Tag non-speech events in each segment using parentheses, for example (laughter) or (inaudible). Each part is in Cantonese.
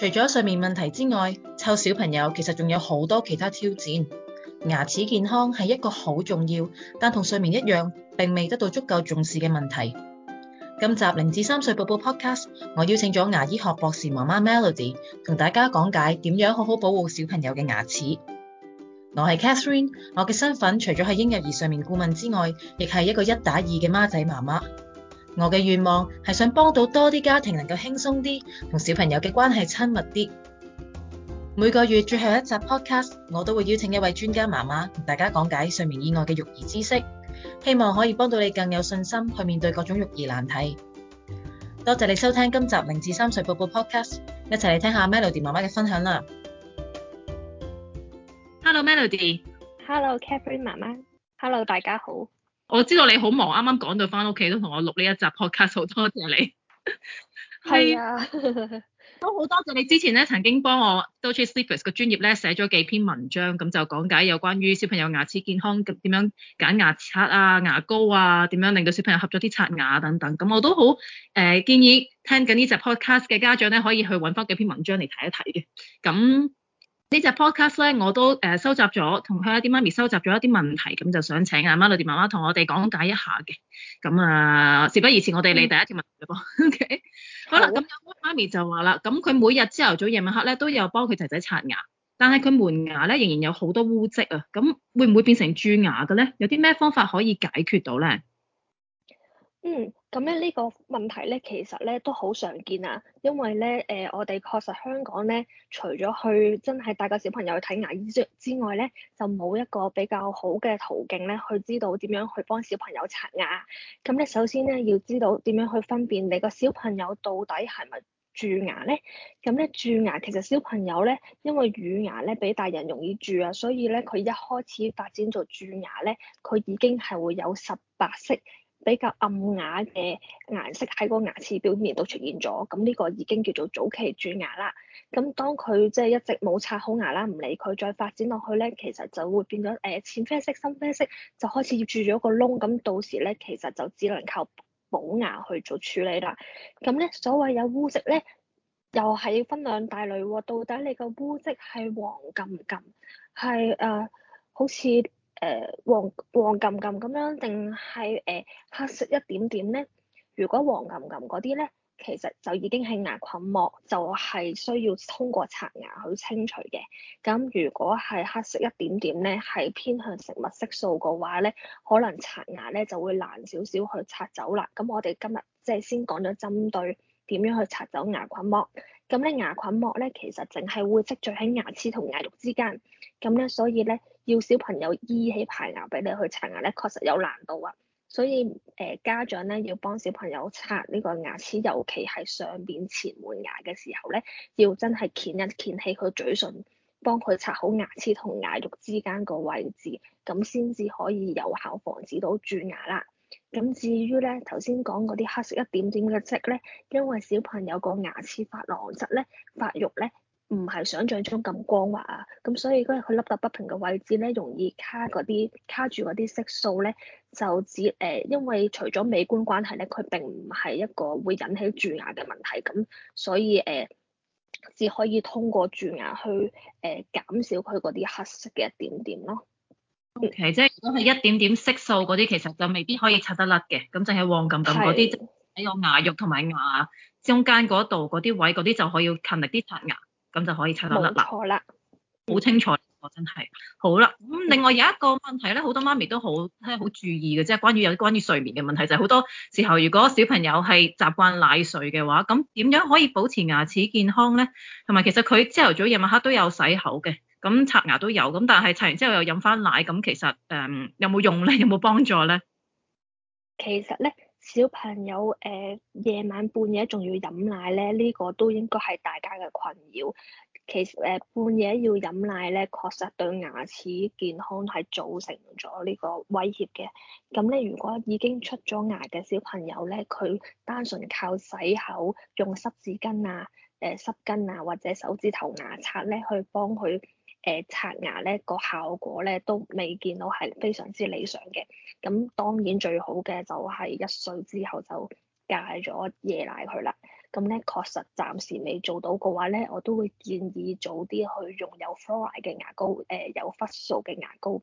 除咗睡眠問題之外，湊小朋友其實仲有好多其他挑戰。牙齒健康係一個好重要，但同睡眠一樣，並未得到足夠重視嘅問題。今集零至三歲寶寶 Podcast，我邀請咗牙醫學博士媽媽 Melody 同大家講解，點樣好好保護小朋友嘅牙齒。我係 Catherine，我嘅身份除咗係嬰幼兒睡眠顧問之外，亦係一個一打二嘅媽仔媽媽。我嘅願望係想幫到多啲家庭能夠輕鬆啲，同小朋友嘅關係親密啲。每個月最後一集 podcast，我都會邀請一位專家媽媽同大家講解睡眠以外嘅育兒知識，希望可以幫到你更有信心去面對各種育兒難題。多謝你收聽今集零至三歲寶寶 podcast，一齊嚟聽下 Melody 媽媽嘅分享啦。Hello Melody，Hello Catherine 媽媽，Hello 大家好。我知道你好忙，啱啱講到翻屋企都同我錄呢一集 podcast，好多謝你。係 (laughs) 啊是， (laughs) 都好多謝你之前咧，曾經幫我 Doctor Sleepers 個專業咧寫咗幾篇文章，咁就講解有關於小朋友牙齒健康點樣揀牙刷啊、牙膏啊，點樣令到小朋友合咗啲刷牙等等。咁我都好誒建議聽緊呢集 podcast 嘅家長咧，可以去揾翻幾篇文章嚟睇一睇嘅。咁。呢隻 podcast 咧，我都誒、呃、收集咗，同佢一啲媽咪收集咗一啲問題，咁就想請阿媽老爹媽媽同我哋講解一下嘅。咁啊，事不宜遲，我哋嚟第一條問題、嗯、 (laughs) ？OK，好啦，咁阿好媽咪就話啦，咁佢每日朝頭早夜晚黑咧都有幫佢仔仔刷牙，但係佢門牙咧仍然有好多污漬啊，咁會唔會變成蛀牙嘅咧？有啲咩方法可以解決到咧？嗯，咁咧呢個問題咧，其實咧都好常見啊，因為咧誒、呃，我哋確實香港咧，除咗去真係帶個小朋友去睇牙醫之外咧，就冇一個比較好嘅途徑咧，去知道點樣去幫小朋友刷牙。咁、嗯、咧，首先咧要知道點樣去分辨你個小朋友到底係咪蛀牙咧？咁、嗯、咧蛀牙其實小朋友咧，因為乳牙咧比大人容易蛀啊，所以咧佢一開始發展做蛀牙咧，佢已經係會有啲白色。比較暗啞嘅顏色喺個牙齒表面度出現咗，咁呢個已經叫做早期蛀牙啦。咁當佢即係一直冇刷好牙啦，唔理佢再發展落去咧，其實就會變咗誒、呃、淺啡色、深啡色，就開始蛀咗個窿。咁到時咧，其實就只能靠補牙去做處理啦。咁咧，所謂有污跡咧，又係要分兩大類喎。到底你個污跡係黃咁唔咁，係誒、uh, 好似？誒、呃、黃黃濛濛咁樣，定係誒黑色一點點咧？如果黃濛濛嗰啲咧，其實就已經係牙菌膜，就係、是、需要通過刷牙去清除嘅。咁如果係黑色一點點咧，係偏向食物色素嘅話咧，可能刷牙咧就會難少少去刷走啦。咁我哋今日即係先講咗針對點樣去刷走牙菌膜。咁咧牙菌膜咧，其實淨係會積聚喺牙齒同牙肉之間。咁咧，所以咧要小朋友依起排牙俾你去刷牙咧，確實有難度啊。所以誒、呃、家長咧要幫小朋友刷呢個牙齒，尤其係上邊前門牙嘅時候咧，要真係鉸一鉸起佢嘴唇，幫佢刷好牙齒同牙肉之間個位置，咁先至可以有效防止到蛀牙啦。咁至於咧頭先講嗰啲黑色一點點嘅跡咧，因為小朋友個牙齒發琺瑯質咧發育咧。唔係想像中咁光滑啊，咁所以佢凹凸不平嘅位置咧，容易卡嗰啲卡住嗰啲色素咧，就只誒、呃，因為除咗美觀關係咧，佢並唔係一個會引起蛀牙嘅問題，咁所以誒、呃，只可以通過蛀牙去誒、呃、減少佢嗰啲黑色嘅一點點咯。其、okay, 即如果係一點點色素嗰啲，其實就未必可以刷得甩嘅，咁是就係黃金咁嗰啲，喺個牙肉同埋牙中間嗰度嗰啲位嗰啲就可以勤力啲刷牙。咁就可以刷到得啦，好清楚，我真係好啦。咁另外有一個問題咧，好多媽咪都好，好注意嘅，即係關於有啲關於睡眠嘅問題，就係、是、好多時候如果小朋友係習慣奶睡嘅話，咁點樣可以保持牙齒健康咧？同埋其實佢朝頭早、夜晚黑都有洗口嘅，咁刷牙都有，咁但係刷完之後又飲翻奶，咁其實誒有冇用咧？有冇幫助咧？其實咧。小朋友誒、呃、夜晚半夜仲要飲奶咧，呢、呢個都應該係大家嘅困擾。其實誒、呃、半夜要飲奶咧，確實對牙齒健康係造成咗呢個威脅嘅。咁咧，如果已經出咗牙嘅小朋友咧，佢單純靠洗口用濕紙巾啊、誒、呃、濕巾啊或者手指頭牙刷咧去幫佢。誒、刷牙咧，個效果咧都未見到係非常之理想嘅，咁當然最好嘅就係一歲之後就戒咗夜奶佢啦。咁咧，確實暫時未做到嘅話咧，我都會建議早啲去用有 fluoride 嘅牙膏，誒、呃、有氟素嘅牙膏，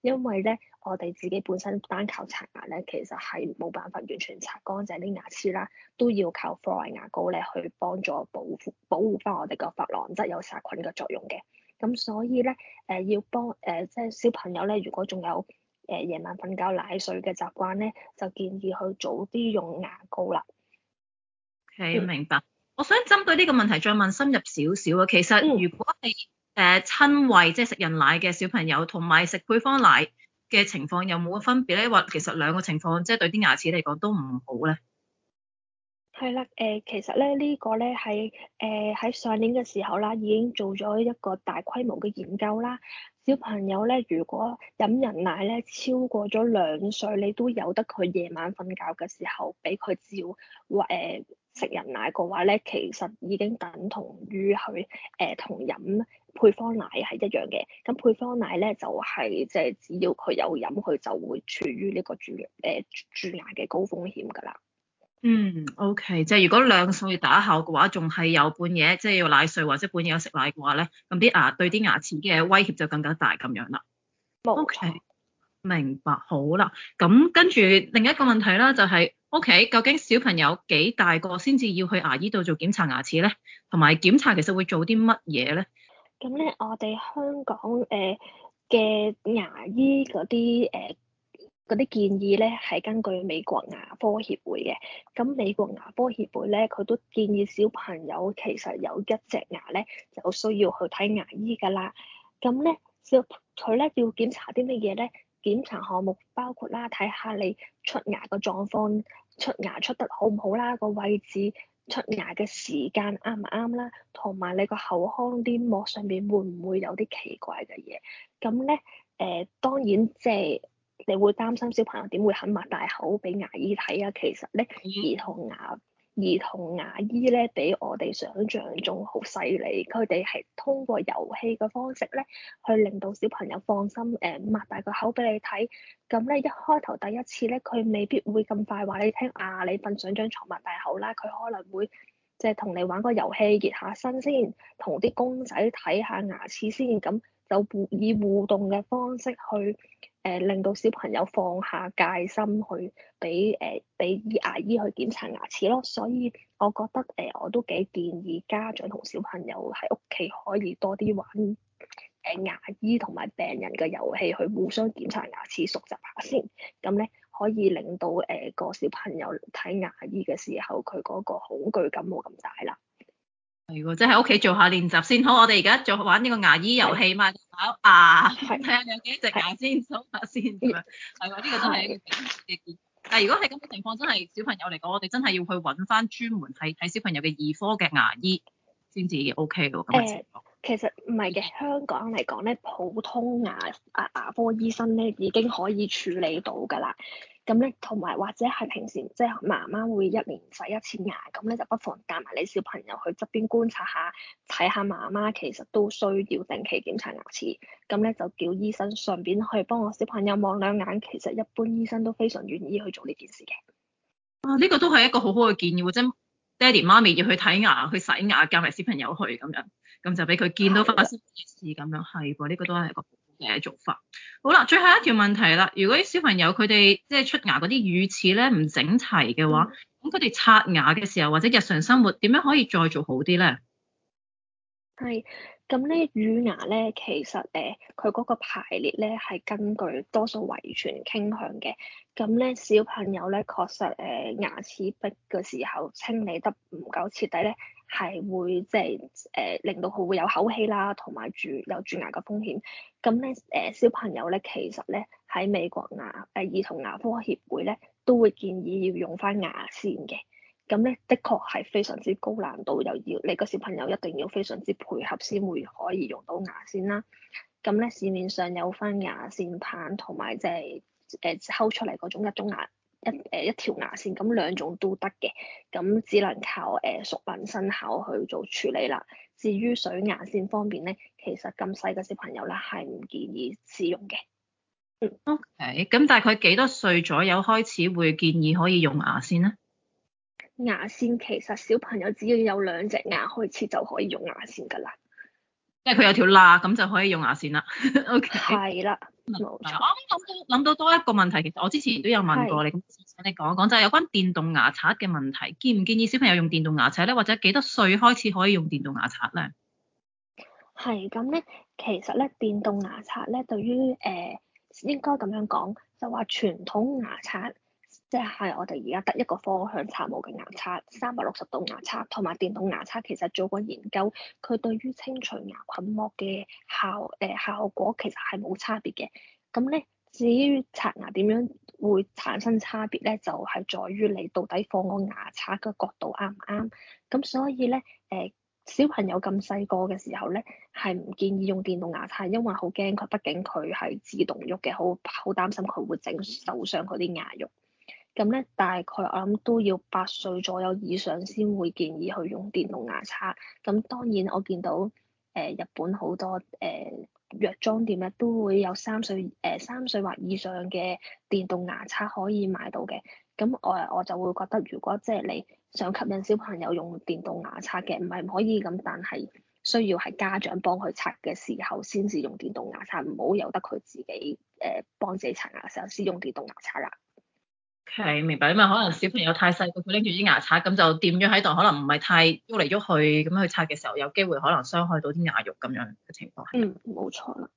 因為咧我哋自己本身單靠刷牙咧，其實係冇辦法完全刷乾淨啲牙齒啦，都要靠 fluoride 牙膏咧去幫助保護，保護返我哋個琺瑯質，有殺菌嘅作用嘅。咁所以咧，誒、呃、要幫誒、呃、即係小朋友咧，如果仲有誒、呃、夜晚瞓覺奶水嘅習慣咧，就建議去早啲用牙膏啦。OK，嗯、明白。我想針對呢個問題再問深入少少啊。其實如果係誒、嗯呃、親餵即係食人奶嘅小朋友，同埋食配方奶嘅情況有冇分別咧？或其實兩個情況即係、就是、對啲牙齒嚟講都唔好咧？係啦，誒、呃、其實咧呢、這個咧係誒喺上年嘅時候啦，已經做咗一個大規模嘅研究啦。小朋友咧，如果飲人奶咧超過咗兩歲，你都由得佢夜晚瞓覺嘅時候俾佢照話誒食人奶嘅話咧，其實已經等同於佢誒同飲配方奶係一樣嘅。咁配方奶咧就係即係只要佢有飲，佢就會處於呢個蛀牙誒蛀牙嘅高風險㗎啦。嗯，OK，即係如果兩歲打後嘅話，仲係有半夜即係要奶睡或者半夜有食奶嘅話咧，咁啲牙對啲牙齒嘅威脅就更加大咁樣啦。冇錯。OK，明白，好啦，咁跟住另一個問題啦，就係 OK，究竟小朋友幾大個先至要去牙醫度做檢查牙齒咧？同埋檢查其實會做啲乜嘢咧？咁咧，我哋香港誒嘅、呃、牙醫嗰啲誒、呃嗰啲建議咧係根據美國牙科協會嘅，咁美國牙科協會咧佢都建議小朋友其實有一隻牙咧就需要去睇牙醫噶啦。咁咧，佢咧要檢查啲乜嘢咧？檢查項目包括啦，睇下你出牙個狀況，出牙出得好唔好啦，個位置，出牙嘅時間啱唔啱啦，同埋你個口腔啲膜上面會唔會有啲奇怪嘅嘢？咁咧，誒、呃，當然即、就、係、是。你會擔心小朋友點會肯擘大口俾牙醫睇啊？其實咧，兒童牙兒童牙醫咧，比我哋想象中好細膩。佢哋係通過遊戲嘅方式咧，去令到小朋友放心，誒、呃，擘大個口俾你睇。咁咧，一開頭第一次咧，佢未必會咁快話你聽啊，你瞓上張床擘大口啦。佢可能會即係同你玩個遊戲，熱下身先，同啲公仔睇下牙齒先咁。就以互動嘅方式去誒、呃，令到小朋友放下戒心去，去俾誒俾牙醫去檢查牙齒咯。所以我覺得誒、呃，我都幾建議家長同小朋友喺屋企可以多啲玩誒牙醫同埋病人嘅遊戲，去互相檢查牙齒，熟習下先。咁咧，可以令到誒、呃、個小朋友睇牙醫嘅時候，佢嗰個恐懼感冇咁大啦。係喎，即係喺屋企做下練習先好。我哋而家做玩呢個牙醫遊戲嘛，就數牙，睇下、啊、有幾多隻牙先，數下先。係喎，呢、這個都係一個嘅，但係如果係咁嘅情況，真係小朋友嚟講，我哋真係要去揾翻專門係睇小朋友嘅兒科嘅牙醫先至 O K 嘅。咁嘅情況，呃，其實唔係嘅，香港嚟講咧，普通牙牙牙科醫生咧已經可以處理到噶啦。咁咧，同埋或者係平時即係媽媽會一年洗一次牙，咁咧就不妨帶埋你小朋友去側邊觀察下，睇下媽媽其實都需要定期檢查牙齒。咁咧就叫醫生順便去幫我小朋友望兩眼，其實一般醫生都非常願意去做呢件事嘅。啊，呢個都係一個好好嘅建議，即係爹哋媽咪要去睇牙、去洗牙，帶埋小朋友去咁樣，咁就俾佢見到翻個事咁樣，係噃，呢個都係一個嘅做法，好啦，最後一條問題啦。如果啲小朋友佢哋即係出牙嗰啲乳齒咧，唔整齊嘅話，咁佢哋刷牙嘅時候或者日常生活點樣可以再做好啲咧？係。咁咧乳牙咧，其實誒佢嗰個排列咧係根據多數遺傳傾向嘅。咁咧小朋友咧，確實誒、呃、牙齒迫嘅時候清理得唔夠徹底咧，係會即係誒令到佢會有口氣啦，同埋蛀有蛀牙嘅風險。咁咧誒小朋友咧，其實咧喺美國牙誒、呃、兒童牙科協會咧，都會建議要用翻牙線嘅。咁咧，的確係非常之高難度，又要你個小朋友一定要非常之配合先會可以用到牙線啦。咁咧，市面上有翻牙線棒同埋即係誒抽出嚟嗰種一種牙一誒、呃、一條牙線，咁兩種都得嘅。咁只能靠誒、呃、熟練身手去做處理啦。至於水牙線方面咧，其實咁細嘅小朋友咧係唔建議使用嘅。嗯。O K，咁大概幾多歲左右開始會建議可以用牙線咧？牙線其實小朋友只要有兩隻牙開始就可以用牙線噶啦，因為佢有條罅咁就可以用牙線啦。O K 係啦，冇錯。啊、我啱諗到，諗到多一個問題，其實我之前都有問過的你，你講一講就係、是、有關電動牙刷嘅問題，建唔建議小朋友用電動牙刷咧？或者幾多歲開始可以用電動牙刷咧？係咁咧，其實咧電動牙刷咧對於誒、呃、應該咁樣講，就話傳統牙刷。即係我哋而家得一個方向刷毛嘅牙刷，三百六十度牙刷同埋電動牙刷，其實做過研究，佢對於清除牙菌膜嘅效誒、呃、效果其實係冇差別嘅。咁咧，至於刷牙點樣會產生差別咧，就係、是、在於你到底放個牙刷嘅角度啱唔啱。咁所以咧，誒、呃、小朋友咁細個嘅時候咧，係唔建議用電動牙刷，因為好驚佢，畢竟佢係自動喐嘅，好好擔心佢會整受、受傷嗰啲牙肉。咁咧，大概我諗都要八歲左右以上先會建議去用電動牙刷。咁當然我見到誒、呃、日本好多誒、呃、藥妝店咧都會有三歲誒三、呃、歲或以上嘅電動牙刷可以買到嘅。咁我我就會覺得，如果即係你想吸引小朋友用電動牙刷嘅，唔係唔可以咁，但係需要係家長幫佢刷嘅時候先至用電動牙刷，唔好由得佢自己誒、呃、幫自己刷牙嘅時候先用電動牙刷啦。係、okay，明白啊嘛，因為可能小朋友太細個，佢拎住啲牙刷咁就掂咗喺度，可能唔係太喐嚟喐去咁樣去刷嘅時候，有機會可能傷害到啲牙肉咁樣嘅情況。嗯，冇錯啦。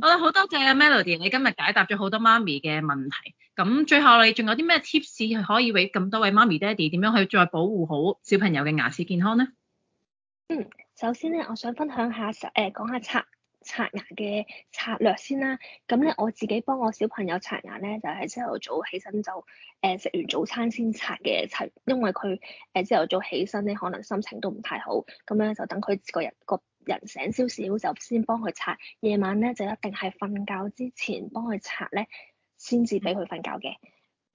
好啦，好多謝啊 Melody，你今日解答咗好多媽咪嘅問題。咁最後你仲有啲咩 tips 可以俾咁多位媽咪爹哋，點樣去再保護好小朋友嘅牙齒健康呢？嗯，首先咧，我想分享下、呃、講下刷，誒，講下刷。刷牙嘅策略先啦，咁咧我自己幫我小朋友刷牙咧，就係朝頭早起身就誒食、呃、完早餐先刷嘅，刷，因為佢誒朝頭早起身咧，可能心情都唔太好，咁樣就等佢個人個人醒少少就先幫佢刷，夜晚咧就一定係瞓覺之前幫佢刷咧，先至俾佢瞓覺嘅。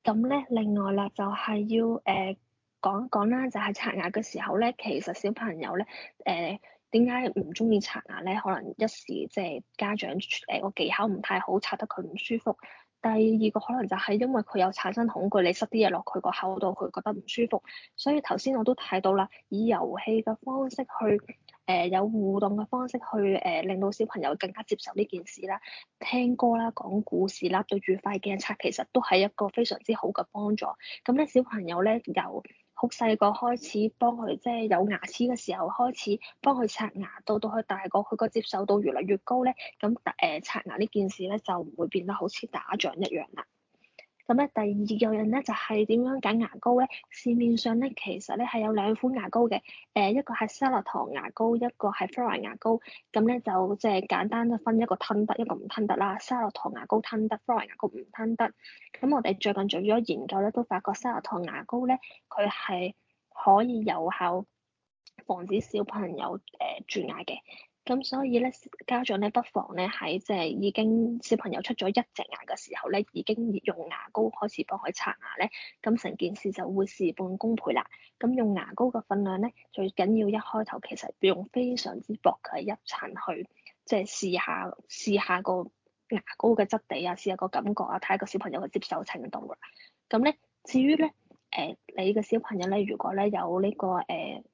咁咧另外啦，就係、是、要誒、呃、講一講啦，就係刷牙嘅時候咧，其實小朋友咧誒。呃點解唔中意刷牙咧？可能一時即係家長誒個技巧唔太好，刷得佢唔舒服。第二個可能就係因為佢有產生恐懼，你塞啲嘢落佢個口度，佢覺得唔舒服。所以頭先我都睇到啦，以遊戲嘅方式去誒、呃、有互動嘅方式去誒、呃、令到小朋友更加接受呢件事啦，聽歌啦，講故事啦，對住塊鏡擦，其實都係一個非常之好嘅幫助。咁咧，小朋友咧由……好細個開始幫佢，即係有牙齒嘅時候開始幫佢刷牙，到到佢大個，佢個接受度越嚟越高咧，咁誒、呃、刷牙呢件事咧就唔會變得好似打仗一樣啦。咁咧第二有人咧就係、是、點樣揀牙膏咧？市面上咧其實咧係有兩款牙膏嘅，誒一個係沙律糖牙膏，一個係 fluoride 牙膏。咁咧就即係簡單分一個吞得，一個唔吞得啦。沙律糖牙膏吞得，fluoride 牙膏唔吞得。咁我哋最近做咗研究咧，都發覺沙律糖牙膏咧，佢係可以有效防止小朋友誒蛀牙嘅。呃咁所以咧，家長咧不妨咧喺即係已經小朋友出咗一隻牙嘅時候咧，已經用牙膏開始幫佢刷牙咧，咁成件事就會事半功倍啦。咁用牙膏嘅份量咧，最緊要一開頭其實用非常之薄嘅一層去，即係試下試下個牙膏嘅質地啊，試下個感覺啊，睇下個小朋友嘅接受程度啦。咁咧，至於咧，誒、呃、你嘅小朋友咧，如果咧有呢個誒～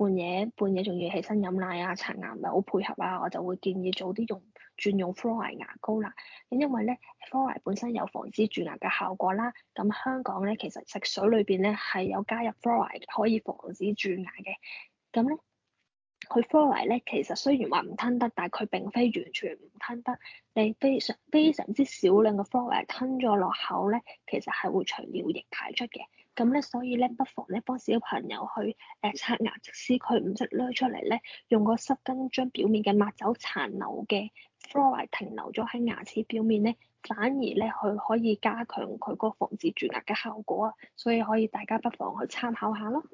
半夜半夜仲要起身飲奶啊，刷牙唔係好配合啊，我就會建議早啲用轉用氟牙膏啦。咁因為咧，氟本身有防止蛀牙嘅效果啦。咁香港咧，其實食水裏邊咧係有加入氟，可以防止蛀牙嘅。咁咧，佢氟咧其實雖然話唔吞得，但係佢並非完全唔吞得。你非常非常之少量嘅氟吞咗落口咧，其實係會隨尿液排出嘅。咁咧，所以咧，不妨咧幫小朋友去誒、呃、刷牙，即使佢唔識攞出嚟咧，用個濕巾將表面嘅抹走殘留嘅 fluoride 停留咗喺牙齒表面咧，反而咧佢可以加強佢個防止蛀牙嘅效果啊，所以可以大家不妨去參考下咯。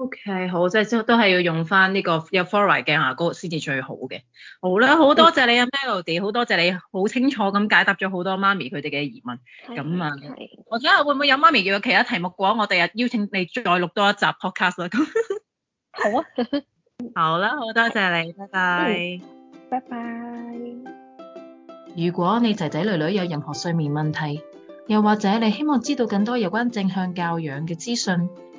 O、okay, K，好，即係都都係要用翻呢個有 fluoride 嘅牙膏先至最好嘅。好啦，好多謝你，Melody，好多謝你，好清楚咁解答咗好多媽咪佢哋嘅疑問。咁啊，睇下會唔會有媽咪叫有其他題目嘅，我第日邀請你再錄多一集 Podcast 咯。好啊， (laughs) 好啦，好多謝你，拜拜，嗯、拜拜。如果你仔仔女女有任何睡眠問題，又或者你希望知道更多有關正向教養嘅資訊。